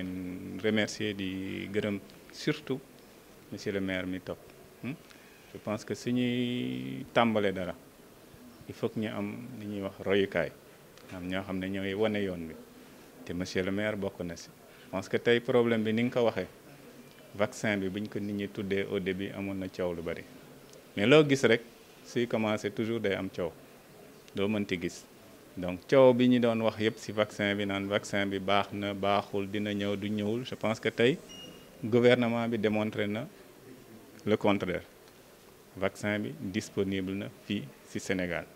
leen remercier di gërëm surtout monsieur le maire mi toog hmm? je pense que su ñuy tàmbalee dara il faut ñu am li ñuy wax royukaay am ñoo xam ne ñooy wane yoon bi te monsieur le maire bokk na si je que tey problème bi ni nga ko waxee vaccin bi buñ ko nit ñi tuddee au début amoon na coow lu bari mais loo gis rek suy commencé toujours day am coow doo mënti gis donc coow bi ñu doon wax yëpp ci vaccin bi naan vaccin bi baax na baaxul dina ñëw du ñëwul je pense que tey gouvernement bi démontré na le contraire vaccin bi disponible na fi ci Sénégal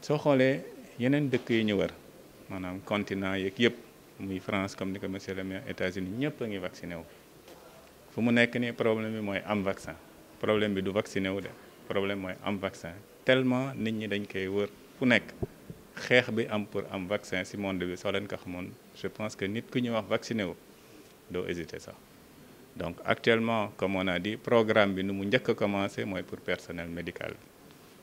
soo xoolee yeneen dëkk yi ñu wër maanaam continent yeeg yëpp muy France comme ni ko monsieur le maire États-Unis ñëpp a ngi vacciné wu fu mu nekk nii problème bi mooy am vaccin problème bi du vacciné wu de problème mooy am vaccin tellement nit ñi dañ koy wër. ku nekk xeex bi am pour am vaccin si monde bi soo leen ko xamoon je pense que nit ku ñuy wax vacciné wu doo hésiter sax donc actuellement comme on a dit programme bi ni mu njëkk a commencé mooy pour personnel médical bi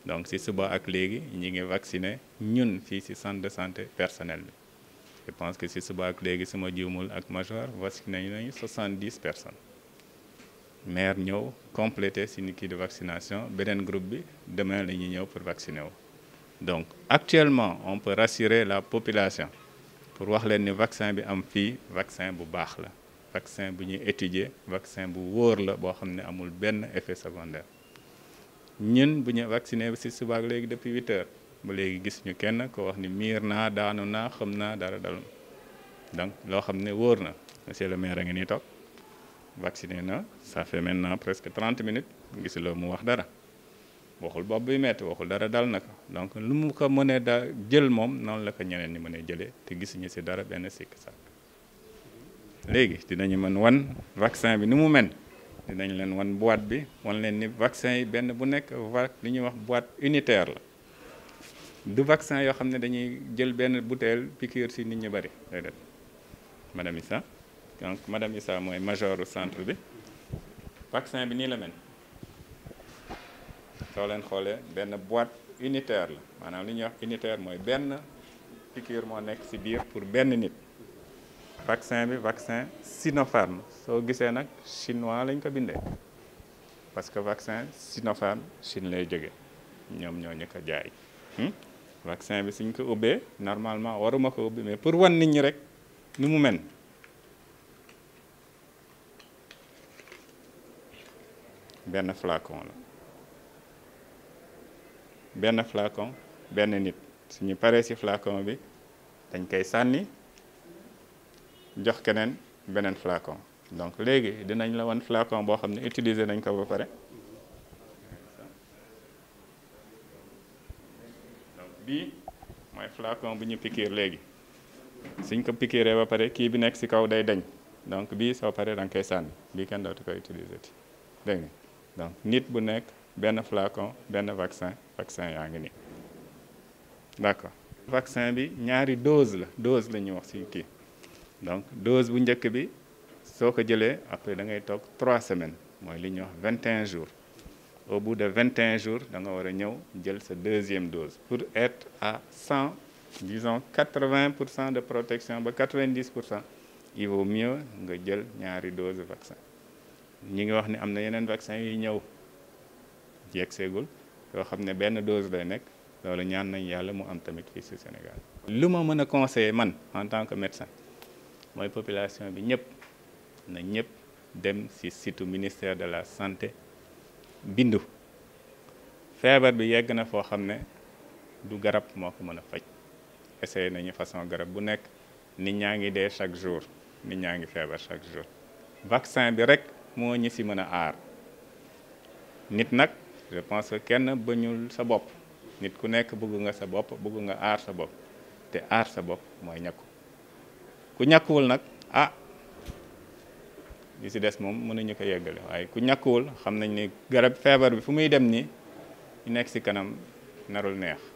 donc si suba ak léegi ñi ngi vacciné ñun fii si centre de santé personnel bi je pense que si suba ak léegi suma jiwmul ak major vacciné nañu soixante-dix personnes maire ñëw complété si ni kii de vaccination beneen groupe bi demain la ñuy ñëw pour vacciner wu donc actuellement on peut rassurer la population pour wax leen ni vaccin bi am fii vaccin bu baax la vaccin bu ñuy étudier vaccin bu wóor la boo xam ne amul benn effet secondaire ñun bu ñu vacciné si subaak léegi depuis huit heures ba léegi gis ñu kenn ko wax ni miir naa daanu naa xam naa dara dalum donc loo xam ne wóor na monsieur le maire a ngi nii toog vacciné na ça fait maintenant presque trente minutes gisuloo mu wax dara waxul bopp bi metti waxul dara dal na ko donc lu mu ko mënee da jël moom noonu la ko ñeneen ni mënee jëlee te gisuñu si dara benn sikk sàkk léegi dinañu mën wan vaccin bi ni mu mel dinañ leen wan boîte bi wan leen ni vaccin yi benn bu nekk va li ñuy wax boîte unitaire la du vaccin yoo xam ne dañuy jël benn bouteille piqûre si nit ñu bëri déedéet madame Issa donc madame Issa mooy majoru centre bi vaccin bi nii la mel looleen xoolee benn boite unitaire la maanaam li ñuy wax unitaire mooy benn piqûre moo nekk ci biir pour benn nit vaccin bi vaccin Sinopharm soo gisee nag chinois lañ ko bindee parce que vaccin Sinopharm Chine lay jóge ñoom ñoo ñëkk a jaay hmm? vaccin bi suñ ko ubbee normalement waruma ko ubbi mais pour wan nit ñi rek ni mu men benn flacon la benn flacon benn nit suñu paree ci flacon bi dañ koy sànni jox keneen beneen flacon donc léegi dinañ la wan flacon boo xam ne utiliser nañ ko ba pare donc bii mooy flacon bu ñu pikiir léegi suñ ko pikiiree ba pare kii bi nekk ci kaw day dañ donc bii soo paree da nga koy sànni bii kenn dootu ko utiliser ti dégg donc nit bu nekk benn flacon benn vaccin vaccin yaa ngi nii d'accord vaccin bi ñaari dose la dose la ñuy wax ci kii donc dose bu njëkk bi soo ko jëlee après da ngay toog trois semaines mooy li ñuy wax vingt et un jours au bout de vingt et un jours da nga war a ñëw jël sa deuxième dose pour être à cent disons quatre vingt pour cent de protection ba quatre vingt pour cent il vaut mieux nga jël ñaari dose vaccin ñi ngi wax ni am na yeneen vaccin yuy ñëw jeeg seegul yoo xam ne benn dose lay nekk loolu ñaan nañ yàlla mu am tamit fii si Sénégal. lu ma mën a conseiller man en tant que médecin mooy population bi ñëpp na ñëpp dem si site ministère de la santé bindu feebar bi yegg na foo xam ne du garab moo ko mën a faj essayé nañu façon garab bu nekk nit ñaa ngi dee chaque jour nit ñaa ngi feebar chaque jour vaccin bi rek moo ñi si mën a aar nit nag. je pense que kenn bañul sa bopp nit ku nekk bëgg nga sa bopp bëgg nga aar sa bopp te aar sa bopp mooy ñàkku ku ñàkkuwul nag ah li si des moom mënuñu ko yeggale waaye ku ñàkkuwul xam nañ ni garab feebar bi fu muy dem nii nekk si kanam narul neex